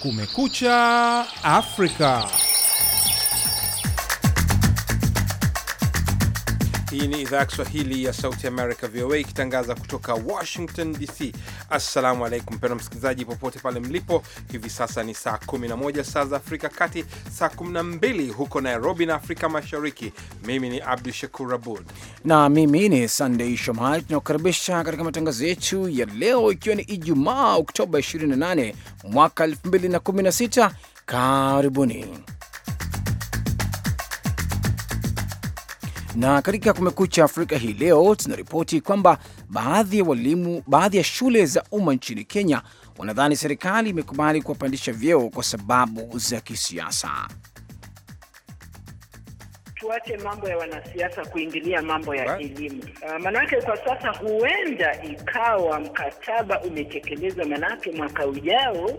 Kumekucha Afrika. Hii ni idhaa ya Kiswahili ya Sauti Amerika, VOA, ikitangaza kutoka Washington DC. Assalamu alaikum pendo msikilizaji, popote pale mlipo. Hivi sasa ni saa 11 saa za Afrika Kati, saa 12 huko Nairobi na Afrika Mashariki. Mimi ni Abdu Shakur Abud na mimi ni Sandei Shomari. Tunakukaribisha katika matangazo yetu ya leo, ikiwa ni Ijumaa Oktoba 28 mwaka 2016. Karibuni. Na katika Kumekucha Afrika hii leo tunaripoti kwamba baadhi ya walimu, baadhi ya shule za umma nchini Kenya wanadhani serikali imekubali kuwapandisha vyeo kwa sababu za kisiasa. Tuache mambo ya wanasiasa kuingilia mambo ya elimu. Uh, manake kwa sasa huenda ikawa mkataba umetekelezwa, manake mwaka ujao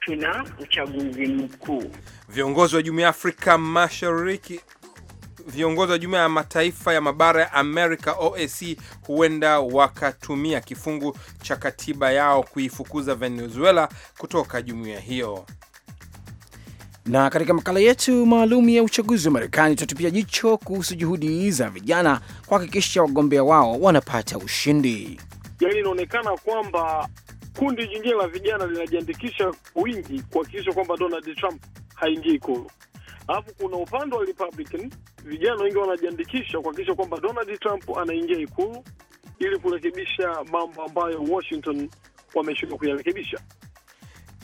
tuna uchaguzi mkuu. Viongozi wa Jumuiya ya Afrika Mashariki viongozi wa Jumuiya ya Mataifa ya Mabara ya Amerika OAC huenda wakatumia kifungu cha katiba yao kuifukuza Venezuela kutoka jumuiya hiyo. Na katika makala yetu maalum ya uchaguzi wa Marekani tutatupia jicho kuhusu juhudi za vijana kuhakikisha wagombea wao wanapata ushindi. Yaani inaonekana kwamba kundi jingine la vijana linajiandikisha wingi kuhakikisha kwamba Donald Trump haingii kulu. Alafu kuna upande wa Republican, vijana wengi wanajiandikisha kuhakikisha kwamba Donald Trump anaingia Ikulu ili kurekebisha mambo ambayo Washington wameshindwa kuyarekebisha.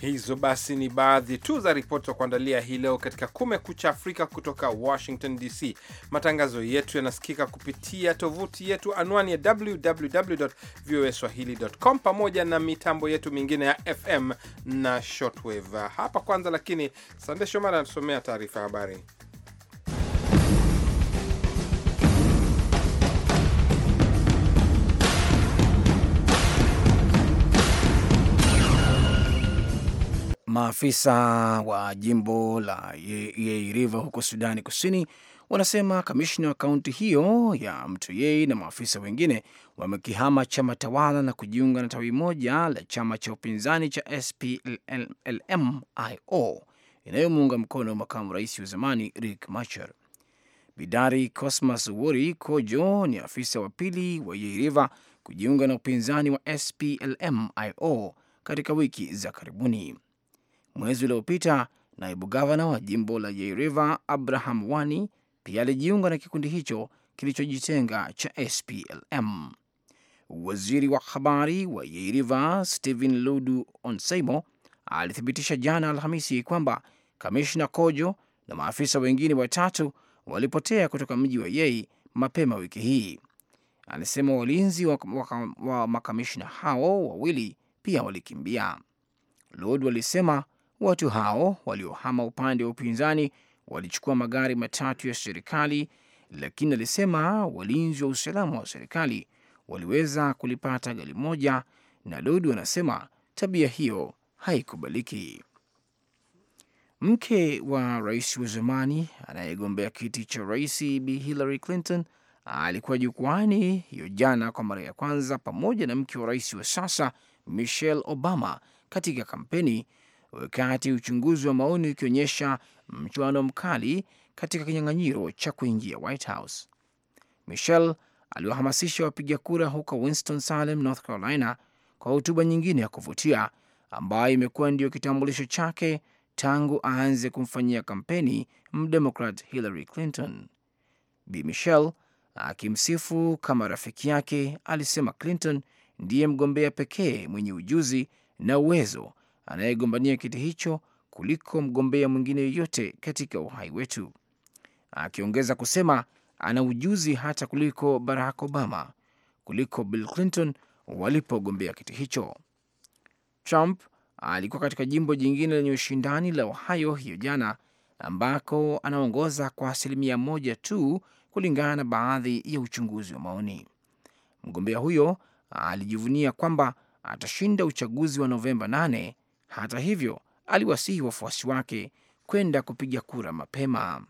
Hizo basi ni baadhi tu za ripoti za kuandalia hii leo katika Kumekucha Afrika kutoka Washington DC. Matangazo yetu yanasikika kupitia tovuti yetu, anwani ya www voa www.voaswahili.com, pamoja na mitambo yetu mingine ya FM na shortwave. Hapa kwanza, lakini Sande Shomari anatusomea taarifa ya habari. Maafisa wa jimbo la Yei River huko Sudani Kusini wanasema kamishna wa kaunti hiyo ya yei na maafisa wengine wamekihama chama tawala na kujiunga na tawi moja la chama cha upinzani cha SPLM-IO inayomuunga mkono makamu rais wa zamani rik Machar. Bidari Cosmas Wori Kojo ni afisa wa pili wa Yei River kujiunga na upinzani wa SPLM-IO katika wiki za karibuni. Mwezi uliopita naibu gavana wa jimbo la Yeiriva Abraham Wani pia alijiunga na kikundi hicho kilichojitenga cha SPLM. Waziri wa habari wa Yeiriva Stephen Ludu Onseimo alithibitisha jana Alhamisi kwamba kamishna Kojo na maafisa wengine watatu walipotea kutoka mji wa Yei mapema wiki hii. alisema walinzi wa, wa, wa makamishna hao wawili pia walikimbia. Lod walisema Watu hao waliohama upande wa upinzani walichukua magari matatu ya serikali, lakini alisema walinzi wa usalama wa serikali waliweza kulipata gari moja, na Lodi wanasema tabia hiyo haikubaliki. Mke wa rais wa zamani anayegombea kiti cha rais Bi Hillary Clinton alikuwa jukwani hiyo jana kwa mara ya kwanza pamoja na mke wa rais wa sasa Michelle Obama katika kampeni wakati uchunguzi wa maoni ukionyesha mchuano mkali katika kinyang'anyiro cha kuingia White House. Michel aliwahamasisha wapiga kura huko Winston-Salem, North Carolina, kwa hotuba nyingine ya kuvutia ambayo imekuwa ndiyo kitambulisho chake tangu aanze kumfanyia kampeni mdemokrat Hillary Clinton. Bi Michel akimsifu kama rafiki yake, alisema Clinton ndiye mgombea pekee mwenye ujuzi na uwezo anayegombania kiti hicho kuliko mgombea mwingine yoyote katika uhai wetu, akiongeza kusema ana ujuzi hata kuliko Barack Obama, kuliko Bill Clinton walipogombea kiti hicho. Trump alikuwa katika jimbo jingine lenye ushindani la Ohio hiyo jana, ambako anaongoza kwa asilimia moja tu kulingana na baadhi ya uchunguzi wa maoni. Mgombea huyo alijivunia kwamba atashinda uchaguzi wa Novemba 8 hata hivyo, aliwasihi wafuasi wake kwenda kupiga kura mapema.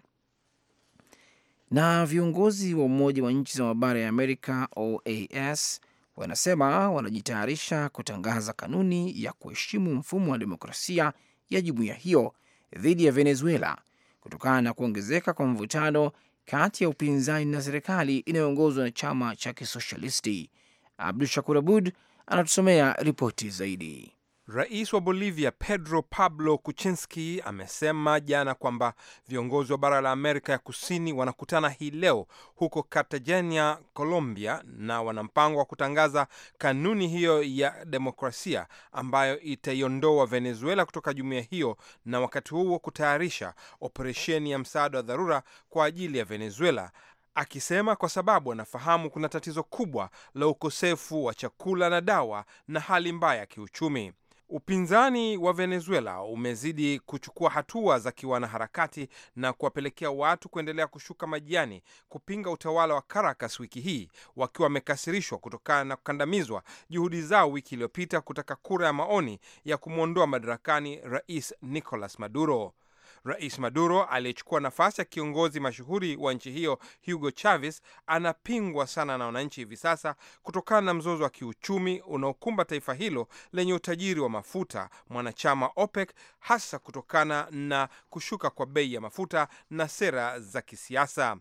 Na viongozi wa Umoja wa Nchi za Mabara ya Amerika, OAS, wanasema wanajitayarisha kutangaza kanuni ya kuheshimu mfumo wa demokrasia ya jumuiya hiyo dhidi ya Venezuela kutokana na kuongezeka kwa mvutano kati ya upinzani na serikali inayoongozwa na chama cha kisoshalisti. Abdu Shakur Abud anatusomea ripoti zaidi. Rais wa Bolivia Pedro Pablo Kuchinski amesema jana kwamba viongozi wa bara la Amerika ya Kusini wanakutana hii leo huko Cartagena, Colombia, na wana mpango wa kutangaza kanuni hiyo ya demokrasia ambayo itaiondoa Venezuela kutoka jumuiya hiyo, na wakati huo kutayarisha operesheni ya msaada wa dharura kwa ajili ya Venezuela, akisema kwa sababu anafahamu kuna tatizo kubwa la ukosefu wa chakula na dawa na hali mbaya ya kiuchumi. Upinzani wa Venezuela umezidi kuchukua hatua za kiwanaharakati na kuwapelekea watu kuendelea kushuka majiani kupinga utawala wa Caracas wiki hii, wakiwa wamekasirishwa kutokana na kukandamizwa juhudi zao wiki iliyopita kutaka kura ya maoni ya kumwondoa madarakani Rais Nicolas Maduro. Rais Maduro aliyechukua nafasi ya kiongozi mashuhuri wa nchi hiyo Hugo Chavez anapingwa sana na wananchi hivi sasa kutokana na mzozo wa kiuchumi unaokumba taifa hilo lenye utajiri wa mafuta mwanachama OPEC, hasa kutokana na kushuka kwa bei ya mafuta na sera za kisiasa.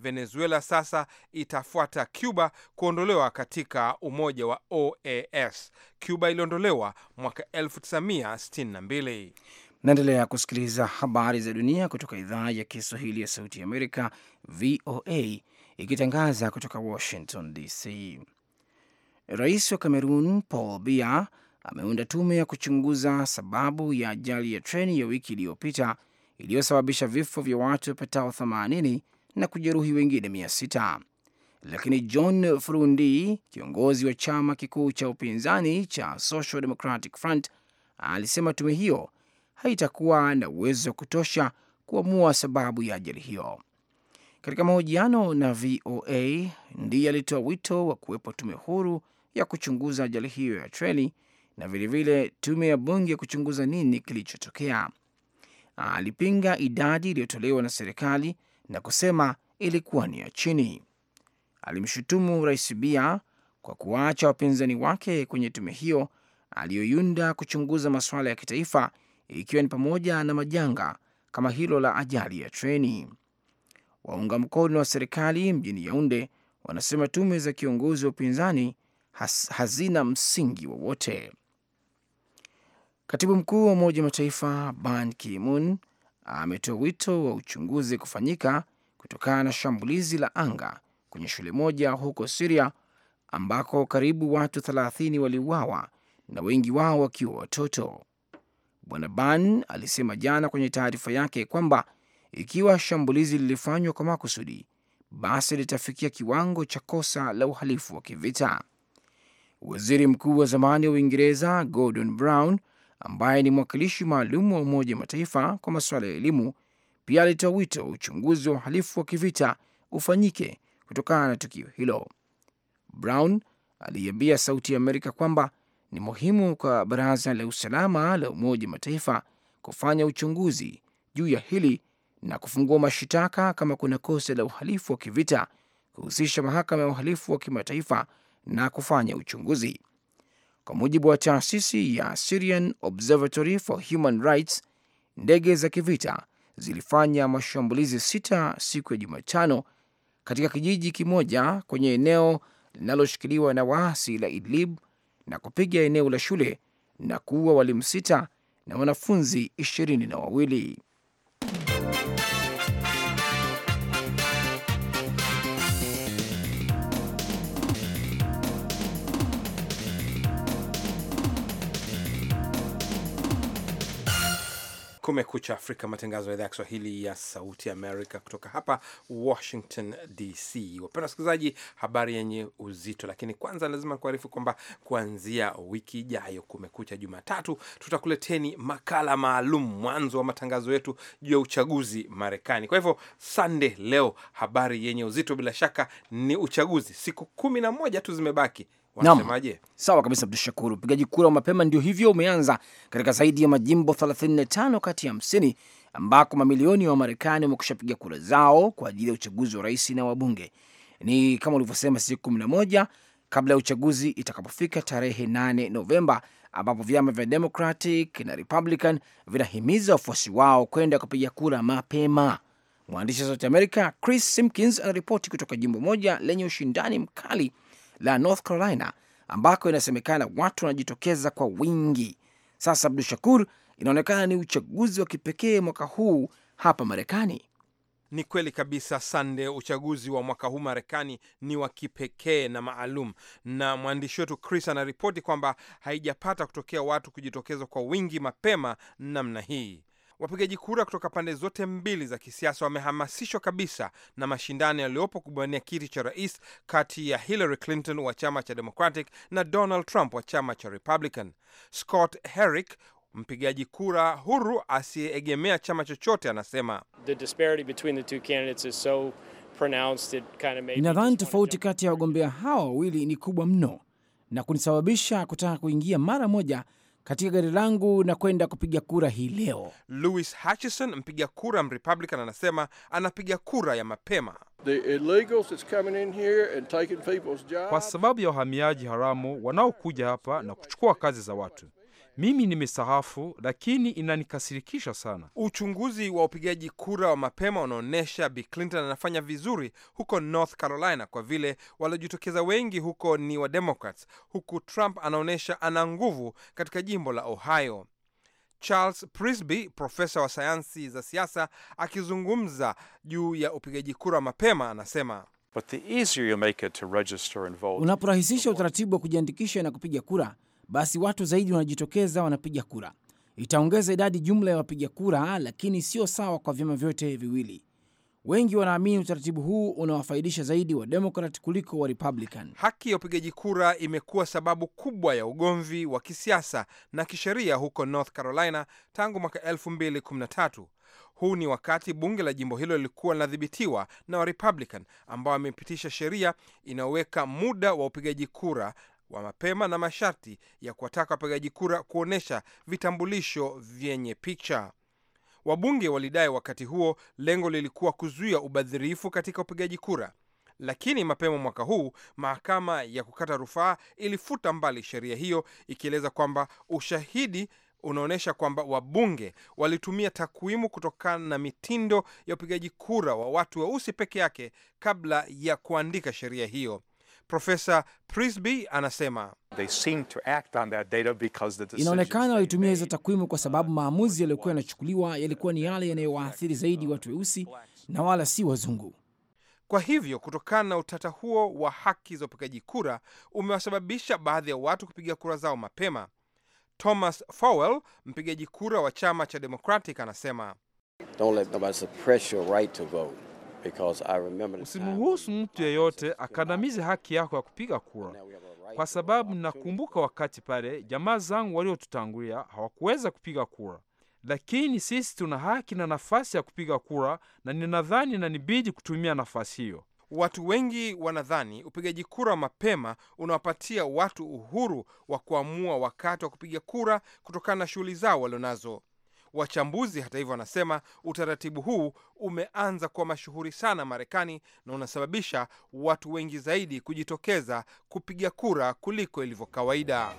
Venezuela sasa itafuata Cuba kuondolewa katika umoja wa OAS. Cuba iliondolewa mwaka 1962. Naendelea kusikiliza habari za dunia kutoka idhaa ya Kiswahili ya Sauti ya Amerika, VOA, ikitangaza kutoka Washington DC. Rais wa cameroon Paul Biya ameunda tume ya kuchunguza sababu ya ajali ya treni ya wiki iliyopita iliyosababisha vifo vya watu wapatao 80 na kujeruhi wengine 600. Lakini John frundi kiongozi wa chama kikuu cha upinzani cha Social Democratic Front, alisema tume hiyo haitakuwa na uwezo wa kutosha kuamua sababu ya ajali hiyo. Katika mahojiano na VOA, ndiye alitoa wito wa kuwepo tume huru ya kuchunguza ajali hiyo ya treni na vilevile tume ya bunge ya kuchunguza nini kilichotokea. Alipinga idadi iliyotolewa na serikali na kusema ilikuwa ni ya chini. Alimshutumu Rais bia kwa kuwaacha wapinzani wake kwenye tume hiyo aliyoyunda kuchunguza masuala ya kitaifa ikiwa ni pamoja na majanga kama hilo la ajali ya treni. Waunga mkono wa serikali mjini Yaunde wanasema tume za kiongozi wa upinzani hazina msingi wowote. Katibu mkuu wa Umoja Mataifa Ban Ki-moon ametoa wito wa uchunguzi kufanyika kutokana na shambulizi la anga kwenye shule moja huko Siria ambako karibu watu 30 waliuawa na wengi wao wakiwa watoto. Bwana Ban alisema jana kwenye taarifa yake kwamba ikiwa shambulizi lilifanywa kwa makusudi, basi litafikia kiwango cha kosa la uhalifu wa kivita. Waziri mkuu wa zamani wa Uingereza Gordon Brown, ambaye ni mwakilishi maalum wa Umoja wa Mataifa kwa masuala ya elimu, pia alitoa wito wa uchunguzi wa uhalifu wa kivita ufanyike kutokana na tukio hilo. Brown aliiambia Sauti ya Amerika kwamba ni muhimu kwa Baraza la Usalama la Umoja wa Mataifa kufanya uchunguzi juu ya hili na kufungua mashitaka kama kuna kosa la uhalifu wa kivita, kuhusisha mahakama ya uhalifu wa kimataifa na kufanya uchunguzi. Kwa mujibu wa taasisi ya Syrian Observatory for Human Rights, ndege za kivita zilifanya mashambulizi sita siku ya Jumatano katika kijiji kimoja kwenye eneo linaloshikiliwa na waasi la Idlib na kupiga eneo la shule na kuua walimu sita na wanafunzi ishirini na wawili. Kumekucha Afrika, matangazo ya idhaa ya Kiswahili ya Sauti Amerika kutoka hapa Washington DC. Wapenda wasikilizaji, habari yenye uzito, lakini kwanza lazima kuarifu kwamba kuanzia wiki ijayo Kumekucha Jumatatu tutakuleteni makala maalum mwanzo wa matangazo yetu juu ya uchaguzi Marekani. Kwa hivyo sande leo habari yenye uzito bila shaka ni uchaguzi, siku kumi na moja tu zimebaki wanasemaje? Sawa kabisa, Abdushakuru. Upigaji kura wa mapema ndio hivyo umeanza katika zaidi ya majimbo 35 kati ya 50 ambako mamilioni ya wa Wamarekani wamekusha piga kura zao kwa ajili ya uchaguzi wa rais na wabunge. Ni kama ulivyosema, siku 11 kabla ya uchaguzi itakapofika tarehe 8 Novemba, ambapo vyama vya Democratic na Republican vinahimiza wafuasi wao kwenda kupiga kura mapema. Mwandishi wa Sauti America Chris Simkins anaripoti kutoka jimbo moja lenye ushindani mkali la North Carolina ambako inasemekana watu wanajitokeza kwa wingi. Sasa Abdu Shakur, inaonekana ni uchaguzi wa kipekee mwaka huu hapa Marekani. Ni kweli kabisa, Sande. Uchaguzi wa mwaka huu Marekani ni wa kipekee na maalum, na mwandishi wetu Chris anaripoti kwamba haijapata kutokea watu kujitokeza kwa wingi mapema namna hii. Wapigaji kura kutoka pande zote mbili za kisiasa wamehamasishwa kabisa na mashindano yaliyopo kugombania kiti cha rais kati ya Hillary Clinton wa chama cha Democratic na Donald Trump wa chama cha Republican. Scott Herrick mpigaji kura huru asiyeegemea chama chochote anasema so kind of nadhani tofauti kati ya wagombea hawa wawili ni kubwa mno na kunisababisha kutaka kuingia mara moja katika gari langu na kwenda kupiga kura hii leo. Louis Hutchison, mpiga kura Mrepublican, anasema anapiga kura ya mapema kwa sababu ya wahamiaji haramu wanaokuja hapa na kuchukua kazi za watu. Mimi nimesahafu, lakini inanikasirikisha sana. Uchunguzi wa upigaji kura wa mapema unaonyesha Bi Clinton anafanya vizuri huko North Carolina kwa vile waliojitokeza wengi huko ni Wademokrats, huku Trump anaonyesha ana nguvu katika jimbo la Ohio. Charles Prisby, profesa wa sayansi za siasa, akizungumza juu ya upigaji kura mapema, anasema unaporahisisha utaratibu wa kujiandikisha na kupiga kura basi watu zaidi wanajitokeza wanapiga kura. Itaongeza idadi jumla ya wapiga kura, lakini sio sawa kwa vyama vyote viwili. Wengi wanaamini utaratibu huu unawafaidisha zaidi wa demokrat kuliko wa Republican. Haki ya upigaji kura imekuwa sababu kubwa ya ugomvi wa kisiasa na kisheria huko North Carolina tangu mwaka 2013. Huu ni wakati bunge la jimbo hilo lilikuwa linadhibitiwa na Warepublican ambao wamepitisha sheria inayoweka muda wa upigaji kura wa mapema na masharti ya kuwataka wapigaji kura kuonyesha vitambulisho vyenye picha. Wabunge walidai wakati huo lengo lilikuwa kuzuia ubadhirifu katika upigaji kura, lakini mapema mwaka huu mahakama ya kukata rufaa ilifuta mbali sheria hiyo, ikieleza kwamba ushahidi unaonyesha kwamba wabunge walitumia takwimu kutokana na mitindo ya upigaji kura wa watu weusi wa peke yake kabla ya kuandika sheria hiyo. Profesa Prisby anasema inaonekana walitumia hizo takwimu kwa sababu maamuzi yaliyokuwa yanachukuliwa yalikuwa ni yale yanayowaathiri zaidi watu weusi na wala si wazungu. Kwa hivyo kutokana na utata huo wa haki za upigaji kura umewasababisha baadhi ya watu kupiga kura zao mapema. Thomas Fowell, mpigaji kura wa chama cha Democratic, anasema Don't let Usimruhusu mtu yeyote akandamize haki yako ya kupiga kura, kwa sababu nakumbuka wakati pale jamaa zangu waliotutangulia hawakuweza kupiga kura, lakini sisi tuna haki na nafasi ya kupiga kura, na ninadhani na nibidi kutumia nafasi hiyo. Watu wengi wanadhani upigaji kura mapema unawapatia watu uhuru wa kuamua wakati wa kupiga kura kutokana na shughuli zao walionazo. Wachambuzi hata hivyo, wanasema utaratibu huu umeanza kuwa mashuhuri sana Marekani na unasababisha watu wengi zaidi kujitokeza kupiga kura kuliko ilivyo kawaida.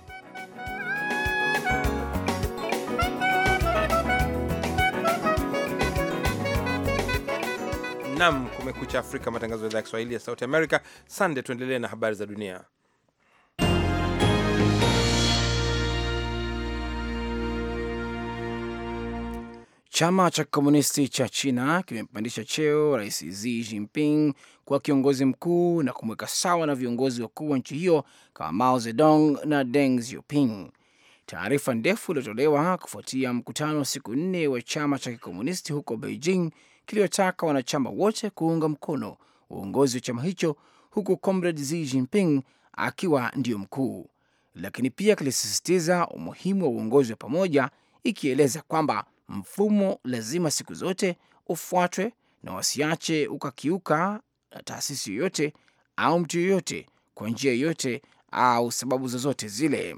Nam, Kumekucha Afrika, matangazo ya idhaa ya Kiswahili ya Sauti Amerika. Sande, tuendelee na habari za dunia. Chama cha Kikomunisti cha China kimempandisha cheo Rais Xi Jinping kuwa kiongozi mkuu na kumweka sawa na viongozi wakuu wa nchi hiyo kama Mao Zedong na Deng Xiaoping. Taarifa ndefu iliyotolewa kufuatia mkutano wa siku nne wa chama cha kikomunisti huko Beijing kiliyotaka wanachama wote kuunga mkono uongozi wa chama hicho, huku comrade Xi Jinping akiwa ndiyo mkuu, lakini pia kilisisitiza umuhimu wa uongozi wa pamoja, ikieleza kwamba mfumo lazima siku zote ufuatwe na wasiache ukakiuka na taasisi yoyote au mtu yoyote kwa njia yoyote au sababu zozote zile.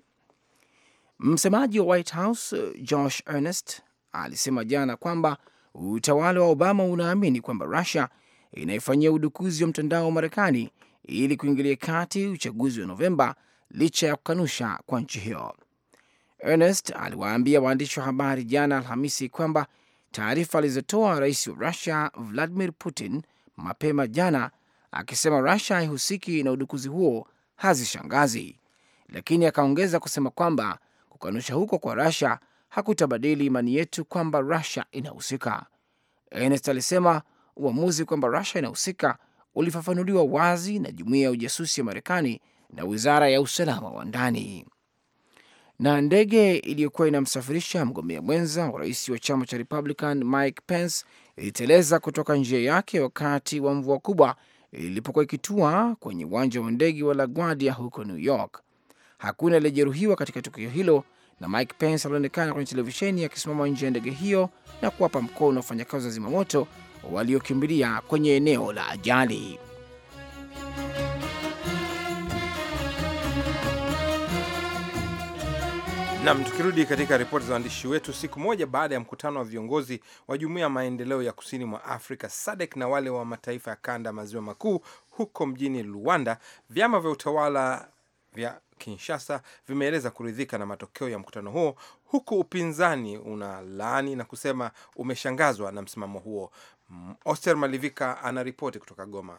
Msemaji wa White House Josh Earnest alisema jana kwamba utawala wa Obama unaamini kwamba Rusia inaifanyia udukuzi wa mtandao wa Marekani ili kuingilia kati uchaguzi wa Novemba licha ya kukanusha kwa nchi hiyo. Ernest aliwaambia waandishi wa habari jana Alhamisi kwamba taarifa alizotoa rais wa Rusia Vladimir Putin mapema jana akisema Rusia haihusiki na udukuzi huo hazishangazi, lakini akaongeza kusema kwamba kukanusha huko kwa Rusia hakutabadili imani yetu kwamba Rusia inahusika. Ernest alisema uamuzi kwamba Rusia inahusika ulifafanuliwa wazi na jumuiya ya ujasusi ya Marekani na wizara ya usalama wa ndani na ndege iliyokuwa inamsafirisha mgombea mwenza wa rais wa chama cha Republican Mike Pence iliteleza kutoka njia yake wakati wa mvua kubwa ilipokuwa ikitua kwenye uwanja wa ndege wa LaGuardia huko New York. Hakuna aliyejeruhiwa katika tukio hilo, na Mike Pence alionekana kwenye televisheni akisimama nje ya ndege hiyo na kuwapa mkono wafanyakazi wa zimamoto waliokimbilia kwenye eneo la ajali. Nam, tukirudi katika ripoti za waandishi wetu, siku moja baada ya mkutano wa viongozi wa jumuiya ya maendeleo ya kusini mwa Afrika SADC na wale wa mataifa ya kanda ya maziwa makuu huko mjini Luanda, vyama vya utawala vya Kinshasa vimeeleza kuridhika na matokeo ya mkutano huo, huku upinzani una laani na kusema umeshangazwa na msimamo huo. Oster Malivika anaripoti kutoka Goma.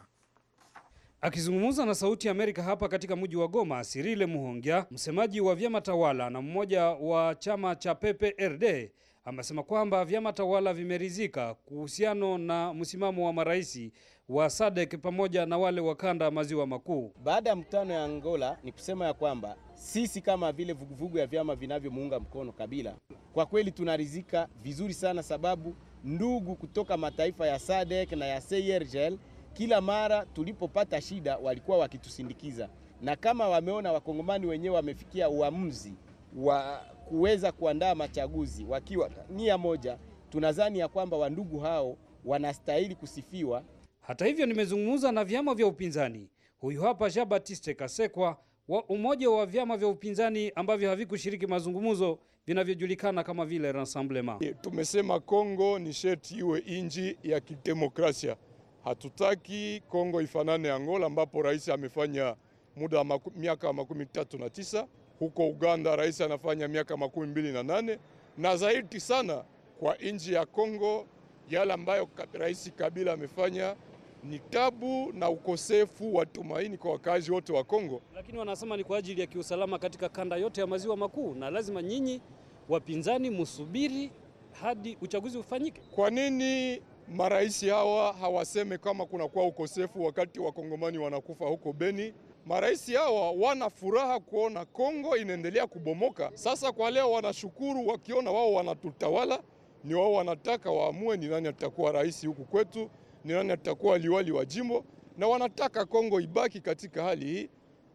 Akizungumza na Sauti ya Amerika hapa katika mji wa Goma, Sirile Muhongia, msemaji wa vyama tawala na mmoja wa chama cha PPRD, amesema kwamba vyama tawala vimeridhika kuhusiano na msimamo wa marais wa SADC pamoja na wale wa kanda maziwa makuu. Baada ya mkutano ya Angola, ni kusema ya kwamba sisi kama vile vuguvugu ya vyama vinavyomuunga mkono Kabila, kwa kweli tunaridhika vizuri sana, sababu ndugu kutoka mataifa ya SADC na ya CIRGL kila mara tulipopata shida walikuwa wakitusindikiza, na kama wameona wakongomani wenyewe wamefikia uamuzi wa kuweza kuandaa machaguzi wakiwa nia moja, tunadhani ya kwamba wandugu hao wanastahili kusifiwa. Hata hivyo, nimezungumza na vyama vya upinzani. Huyu hapa Jean Baptiste Kasekwa wa umoja wa vyama vya upinzani ambavyo havikushiriki mazungumzo vinavyojulikana kama vile Rassemblement. Tumesema Kongo ni sheti iwe inji ya kidemokrasia. Hatutaki Kongo ifanane Angola, ambapo rais amefanya muda wa maku, miaka makumi tatu na tisa. Huko Uganda rais anafanya miaka makumi mbili na nane na zaidi sana kwa nchi ya Kongo. Yale ambayo rais Kabila amefanya ni tabu na ukosefu wa tumaini kwa wakazi wote wa Kongo, lakini wanasema ni kwa ajili ya kiusalama katika kanda yote ya maziwa makuu, na lazima nyinyi wapinzani musubiri hadi uchaguzi ufanyike. Kwa nini Marais hawa hawasemi kama kunakuwa ukosefu wakati wakongomani wanakufa huko Beni. Marais hawa wana furaha kuona Kongo inaendelea kubomoka. Sasa kwa leo wanashukuru wakiona wao wanatutawala, ni wao wanataka waamue ni nani atakuwa rais huku kwetu, ni nani atakuwa liwali wa jimbo, na wanataka Kongo ibaki katika hali hii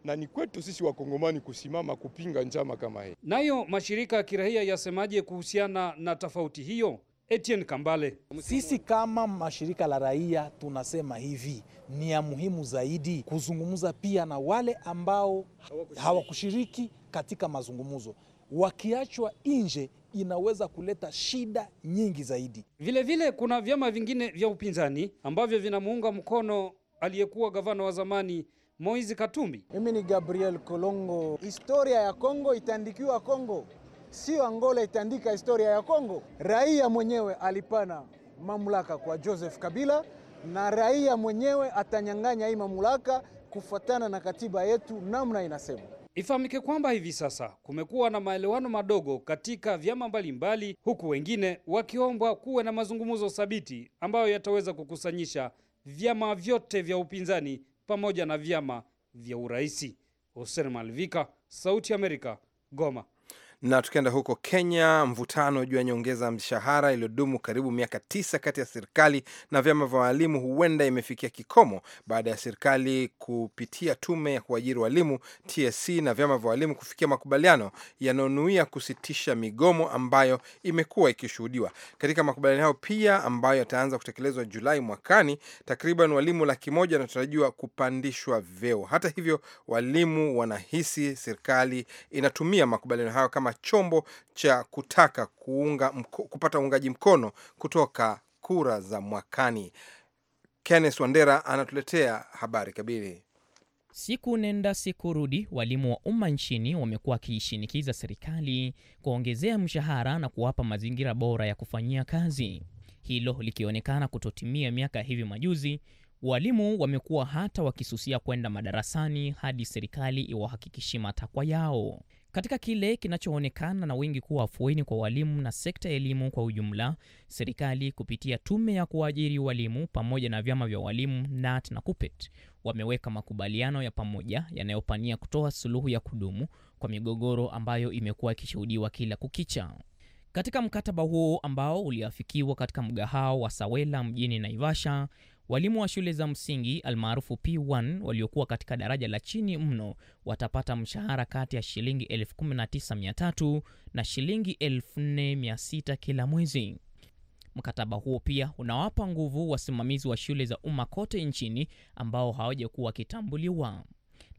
na ni kwetu sisi wakongomani kusimama kupinga njama kama hii. Nayo mashirika ya kiraia yasemaje kuhusiana na tofauti hiyo? Etienne Kambale. Sisi kama mashirika la raia tunasema hivi, ni ya muhimu zaidi kuzungumza pia na wale ambao hawakushiriki katika mazungumzo. Wakiachwa nje inaweza kuleta shida nyingi zaidi. Vilevile vile, kuna vyama vingine vya upinzani ambavyo vinamuunga mkono aliyekuwa gavana wa zamani Moizi Katumbi. Mimi ni Gabriel Kolongo. Historia ya Kongo itaandikiwa Kongo sio Angola itaandika historia ya Kongo. Raia mwenyewe alipana mamlaka kwa Joseph Kabila na raia mwenyewe atanyang'anya hii mamlaka kufuatana na katiba yetu namna inasema. Ifahamike kwamba hivi sasa kumekuwa na maelewano madogo katika vyama mbalimbali, huku wengine wakiombwa kuwe na mazungumzo thabiti ambayo yataweza kukusanyisha vyama vyote vya upinzani pamoja na vyama vya uraisi. Hussein Malvika, Sauti ya Amerika, Goma. Na tukienda huko Kenya, mvutano juu ya nyongeza ya mshahara iliyodumu karibu miaka tisa kati ya serikali na vyama vya walimu huenda imefikia kikomo baada ya serikali kupitia tume ya kuajiri walimu TSC na vyama vya walimu kufikia makubaliano yanayonuia kusitisha migomo ambayo imekuwa ikishuhudiwa. Katika makubaliano hayo pia ambayo yataanza kutekelezwa Julai mwakani, takriban walimu laki moja wanatarajiwa kupandishwa vyeo. Hata hivyo, walimu wanahisi serikali inatumia makubaliano hayo kama kama chombo cha kutaka kuunga mko, kupata uungaji mkono kutoka kura za mwakani. Kennes Wandera anatuletea habari kabili. Siku nenda siku rudi, walimu wa umma nchini wamekuwa wakiishinikiza serikali kuongezea mshahara na kuwapa mazingira bora ya kufanyia kazi, hilo likionekana kutotimia miaka hivi majuzi. Walimu wamekuwa hata wakisusia kwenda madarasani hadi serikali iwahakikishi matakwa yao. Katika kile kinachoonekana na wengi kuwa afueni kwa walimu na sekta ya elimu kwa ujumla, serikali kupitia tume ya kuajiri walimu pamoja na vyama vya walimu nat na KUPPET wameweka makubaliano ya pamoja yanayopania kutoa suluhu ya kudumu kwa migogoro ambayo imekuwa ikishuhudiwa kila kukicha. Katika mkataba huo ambao uliafikiwa katika mgahawa wa Sawela mjini Naivasha, Walimu wa shule za msingi almaarufu P1 waliokuwa katika daraja la chini mno watapata mshahara kati ya shilingi 19300 na shilingi 4600 kila mwezi. Mkataba huo pia unawapa nguvu wasimamizi wa shule za umma kote nchini ambao hawajakuwa wakitambuliwa.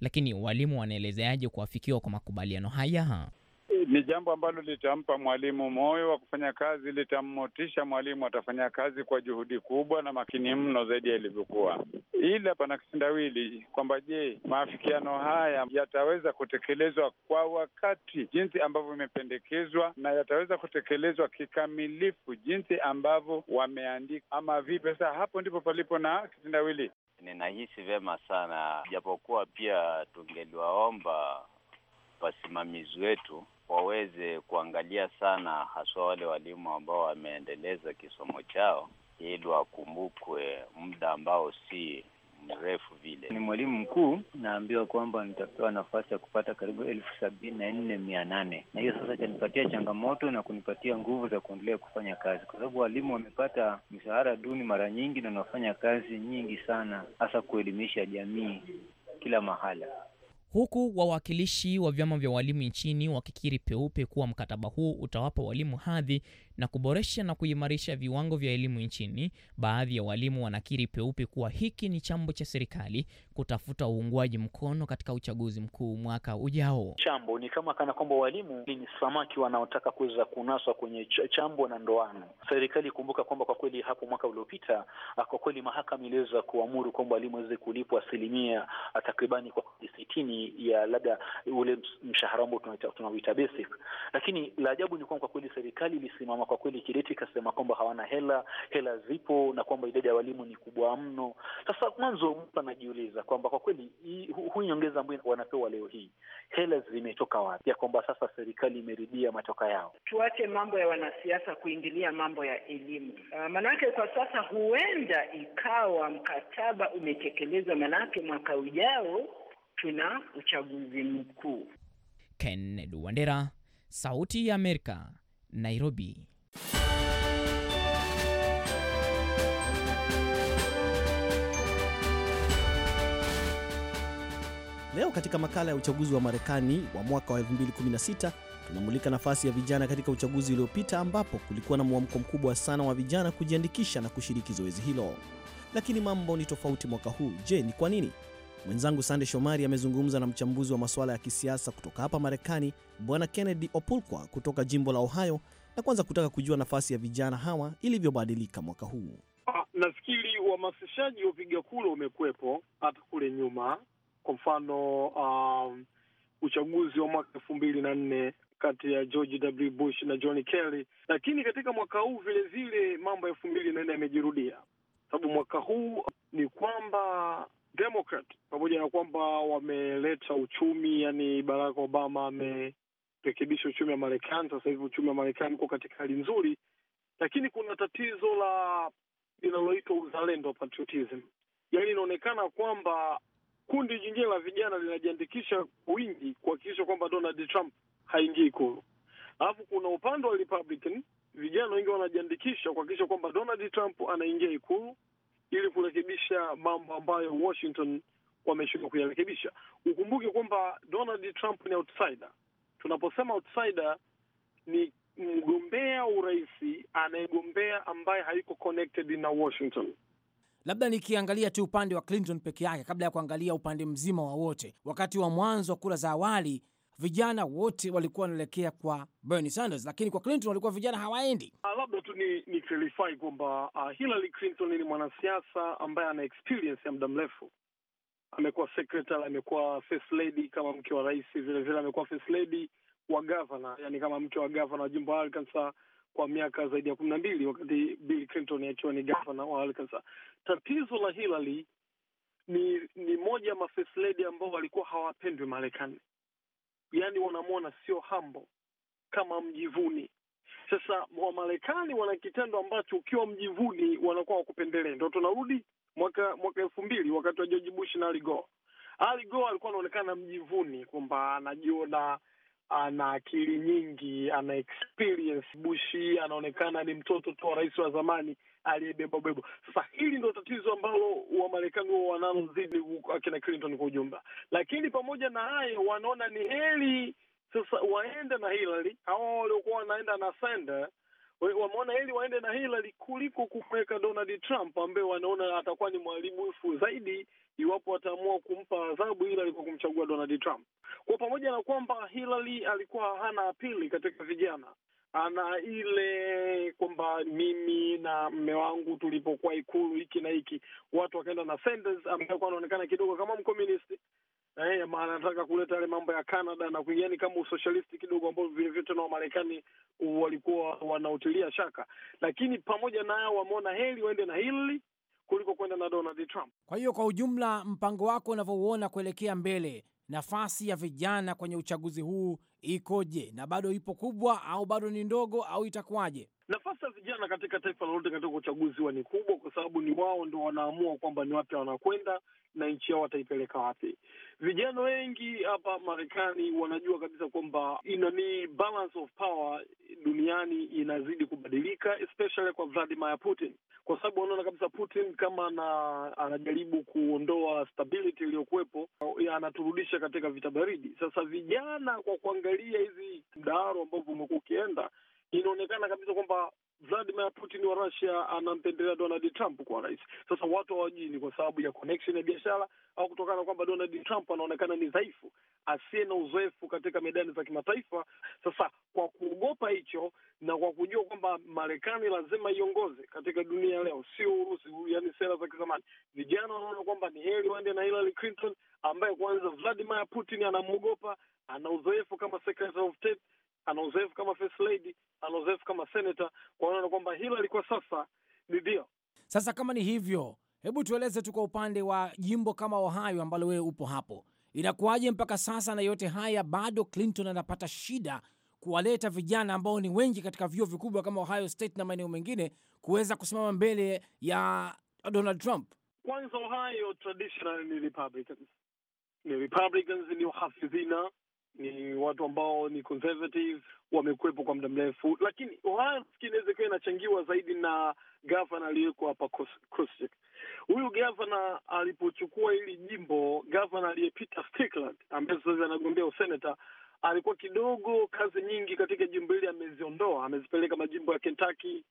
Lakini walimu wanaelezeaje kuafikiwa kwa makubaliano haya? ni jambo ambalo litampa mwalimu moyo wa kufanya kazi, litammotisha mwalimu, atafanya kazi kwa juhudi kubwa na makini mno zaidi ya ilivyokuwa. Ila pana kitendawili kwamba je, maafikiano haya yataweza kutekelezwa kwa wakati jinsi ambavyo imependekezwa, na yataweza kutekelezwa kikamilifu jinsi ambavyo wameandika ama vipi? Sasa hapo ndipo palipo na kitendawili. Ninahisi vyema sana, japokuwa pia tungeliwaomba wasimamizi wetu waweze kuangalia sana, haswa wale walimu ambao wameendeleza kisomo chao, ili wakumbukwe muda ambao si mrefu vile. Ni mwalimu mkuu, naambiwa kwamba nitapewa nafasi ya kupata karibu elfu sabini na nne mia nane na hiyo sasa itanipatia changamoto na kunipatia nguvu za kuendelea kufanya kazi, kwa sababu walimu wamepata mishahara duni mara nyingi na wanafanya kazi nyingi sana, hasa kuelimisha jamii kila mahala huku wawakilishi wa vyama vya walimu nchini wakikiri peupe kuwa mkataba huu utawapa walimu hadhi na kuboresha na kuimarisha viwango vya elimu nchini, baadhi ya walimu wanakiri peupe kuwa hiki ni chambo cha serikali kutafuta uungwaji mkono katika uchaguzi mkuu mwaka ujao. Chambo ni kama kana kwamba walimu ni samaki wanaotaka kuweza kunaswa kwenye chambo na ndoano. Serikali, kumbuka kwamba kwa kweli hapo mwaka uliopita, ah, kwa kweli mahakama iliweza kuamuru kwamba walimu waweze kulipwa asilimia ah, takribani kwa sitini ya labda ule mshahara ambao tunauita basic, lakini la ajabu ni kwamba kwa kweli serikali ilisimama kama kwa kweli Kideti ikasema kwamba hawana hela, hela zipo na kwamba idadi ya walimu ni kubwa mno. Sasa mwanzo mtu anajiuliza kwamba kwa kweli huu nyongeza ambayo wanapewa leo hii hela zimetoka wapi, ya kwamba sasa serikali imeridhia matoka yao. Tuache mambo ya wanasiasa kuingilia mambo ya elimu. Uh, manake kwa sasa huenda ikawa mkataba umetekelezwa, manake mwaka ujao tuna uchaguzi mkuu. Kennedy Wandera, Sauti ya Amerika, Nairobi. Leo katika makala ya uchaguzi wa Marekani wa mwaka wa 2016 tunamulika nafasi ya vijana katika uchaguzi uliopita ambapo kulikuwa na mwamko mkubwa sana wa vijana kujiandikisha na kushiriki zoezi hilo. Lakini mambo ni tofauti mwaka huu. Je, ni kwa nini? Mwenzangu Sande Shomari amezungumza na mchambuzi wa masuala ya kisiasa kutoka hapa Marekani, Bwana Kennedy Opulkwa kutoka jimbo la Ohio, na kwanza kutaka kujua nafasi ya vijana hawa ilivyobadilika mwaka huu. Ah, nafikiri uhamasishaji wa piga kura umekwepo hata kule nyuma, kwa mfano um, uchaguzi wa mwaka elfu mbili na nne kati ya George W. Bush na John Kerry, lakini katika mwaka huu vilevile mambo ya elfu mbili na nne yamejirudia, sababu mwaka huu ni kwamba Democrat pamoja na kwamba wameleta uchumi, yani Barack Obama amerekebisha uchumi wa Marekani. Sasa hivi uchumi wa Marekani uko katika hali nzuri, lakini kuna tatizo la linaloitwa uzalendo patriotism, yani inaonekana kwamba kundi jingine la vijana linajiandikisha wingi kuhakikisha kwamba Donald Trump haingii Ikulu. Alafu kuna upande wa Republican, vijana wengi wanajiandikisha kuhakikisha kwamba Donald Trump anaingia Ikulu ili kurekebisha mambo ambayo Washington wameshindwa kuyarekebisha. Ukumbuke kwamba Donald Trump ni outsider. Tunaposema outsider ni mgombea urais anayegombea ambaye hayuko connected na Washington. Labda nikiangalia tu upande wa Clinton peke yake kabla ya kuangalia upande mzima wa wote. Wakati wa mwanzo wa kura za awali vijana wote walikuwa wanaelekea kwa Bernie Sanders, lakini kwa Clinton walikuwa vijana hawaendi. Ah, labda tu ni, ni clarify kwamba uh, Hillary Clinton ni mwanasiasa ambaye ana experience ya muda mrefu. Amekuwa secretary, amekuwa first lady kama mke wa rais, vilevile amekuwa first lady wa gavana, yani kama mke wa gavana wa jimbo arkansa kwa miaka zaidi ya kumi na mbili wakati Bill Clinton akiwa ni gavana wa arkansa Tatizo la Hillary ni ni moja ya mafirst lady ambao walikuwa hawapendwi Marekani, yaani wanamwona sio hambo kama mjivuni. Sasa Wamarekani wana kitendo ambacho ukiwa mjivuni wanakuwa wakupendelee. Ndo tunarudi mwaka mwaka elfu mbili wakati wa George Bush na Al Gore. Al Gore alikuwa anaonekana mjivuni kwamba anajiona ana akili nyingi, ana experience. Bushi anaonekana ni mtoto tu wa rais wa zamani aliyebeba bebo. Sasa hili ndio tatizo ambalo Wamarekani huo wanalo zidi akina Clinton kwa ujumla, lakini pamoja na hayo wanaona ni heri sasa waende na Hillary, hawa waliokuwa wanaenda na Sanders wameona ili waende na Hillary kuliko kumweka Donald Trump ambaye wanaona atakuwa ni mharibifu zaidi iwapo wataamua kumpa adhabu Hillary kwa kumchagua Donald Trump, kwa pamoja na kwamba Hillary alikuwa hana apili katika vijana ana ile kwamba mimi na mme wangu tulipokuwa Ikulu hiki na hiki, watu wakaenda na Sanders ambaye alikuwa anaonekana kidogo kama mkomunisti, eh, maana anataka kuleta yale mambo ya Canada na yani kama usoshalisti kidogo, ambao vile vyote na Wamarekani walikuwa wanautilia shaka, lakini pamoja nayo wameona heli waende na hili kuliko kwenda na Donald Trump. Kwa hiyo kwa ujumla, mpango wako unavyouona kuelekea mbele, nafasi ya vijana kwenye uchaguzi huu ikoje? Na bado ipo kubwa au bado ni ndogo au itakuwaje? Nafasi ya vijana katika taifa lolote katika uchaguzi huwa ni kubwa, kwa sababu ni wao ndo wanaamua kwamba ni wapi wanakwenda na nchi yao wataipeleka wapi. Vijana wengi hapa Marekani wanajua kabisa kwamba inani balance of power duniani inazidi kubadilika, especially kwa Vladimir Putin, kwa sababu wanaona kabisa Putin kama ana, anajaribu kuondoa stability iliyokuwepo, anaturudisha katika vita baridi. Sasa vijana kwa kuangalia hizi mdaharo ambavyo umekuwa ukienda inaonekana kabisa kwamba Vladimir Putin wa Russia anampendelea Donald Trump kwa rais. Sasa watu hawajui ni kwa sababu ya connection ya biashara au kutokana na kwamba Donald Trump anaonekana ni dhaifu, asiye na uzoefu katika medani za kimataifa. Sasa kwa kuogopa hicho na kwa kujua kwamba Marekani lazima iongoze katika dunia leo, sio Urusi, yani sera za kizamani, vijana wanaona kwamba ni heri waende na Hillary Clinton ambaye kwanza Vladimir Putin anamwogopa, ana uzoefu kama Secretary of State anaozefu kama first lady, anaozefu kama senator, wanaona kwamba hilo alikuwa sasa ni Sasa kama ni hivyo, hebu tueleze tu kwa upande wa jimbo kama Ohio ambalo wewe upo hapo, inakuwaje mpaka sasa na yote haya bado Clinton anapata shida kuwaleta vijana ambao ni wengi katika vyuo vikubwa kama Ohio State na maeneo mengine kuweza kusimama mbele ya Donald Trump? Kwanza Ohio traditionally ni Republicans, ni Republicans, ni wahafidhina ni watu ambao ni conservative, wamekuwepo kwa muda mrefu, lakini Ohio nafikiri inaweza inachangiwa zaidi na gavana aliyeko hapa Huyu gavana alipochukua hili jimbo, gavana aliyepita Strickland ambaye sasa anagombea useneta alikuwa kidogo, kazi nyingi katika jimbo hili ameziondoa, amezipeleka majimbo ya Kentucky,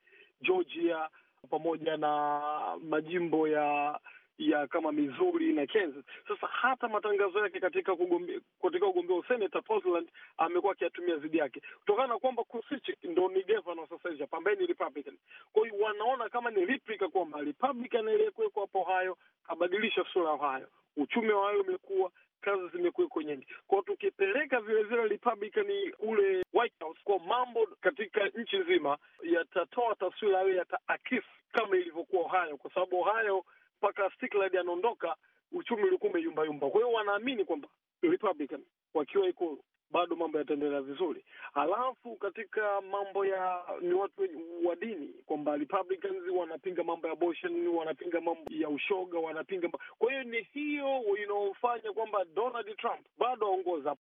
Georgia pamoja na majimbo ya ya kama Missouri na Kansas. Sasa hata matangazo yake katika kugombea katika ugombea useneta Portland amekuwa akiyatumia zidi yake, kutokana na kwamba Kusich ndo ni governor sasa hivi, pambeni Republican. Kwa hiyo wanaona kama ni replica kwamba Republican aliyekuwekwa hapo Ohio abadilisha sura ya Ohio, uchumi wa Ohio umekuwa kazi zimekuweko nyingi kwao. Tukipeleka vilevile Republican ule White House kwa mambo katika nchi nzima, yatatoa taswira hayo, yataakisi kama ilivyokuwa Ohio, kwa sababu Ohio mpaka Stiklad anaondoka, uchumi ulikuwa umeyumbayumba. Kwa hiyo wanaamini kwamba Republican wakiwa Ikulu bado mambo yataendelea vizuri. Alafu katika mambo ya ni watu wa dini kwamba Republicans wanapinga mambo ya abortion, wanapinga mambo ya ushoga, wanapinga mambo. Kwa hiyo ni hiyo inaofanya kwamba Donald Trump bado aongoza.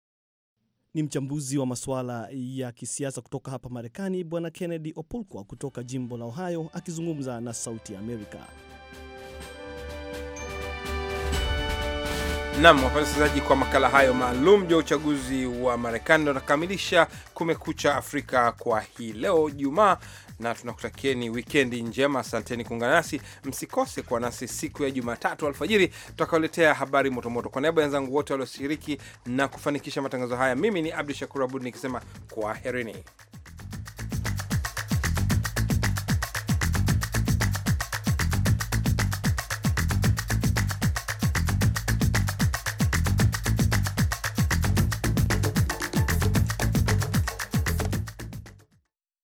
Ni mchambuzi wa masuala ya kisiasa kutoka hapa Marekani, Bwana Kennedy Opulkwa kutoka jimbo la Ohio akizungumza na Sauti ya Amerika. Nam wapenda wasikilizaji, kwa makala hayo maalum juu ya uchaguzi wa Marekani ndo nakamilisha Kumekucha Afrika kwa hii leo Jumaa, na tunakutakieni wikendi njema. Asanteni kuungana nasi, msikose kwa nasi siku ya Jumatatu alfajiri tutakaoletea habari motomoto. Kwa niaba ya wenzangu wote walioshiriki na kufanikisha matangazo haya, mimi ni Abdu Shakur Abud nikisema kwaherini.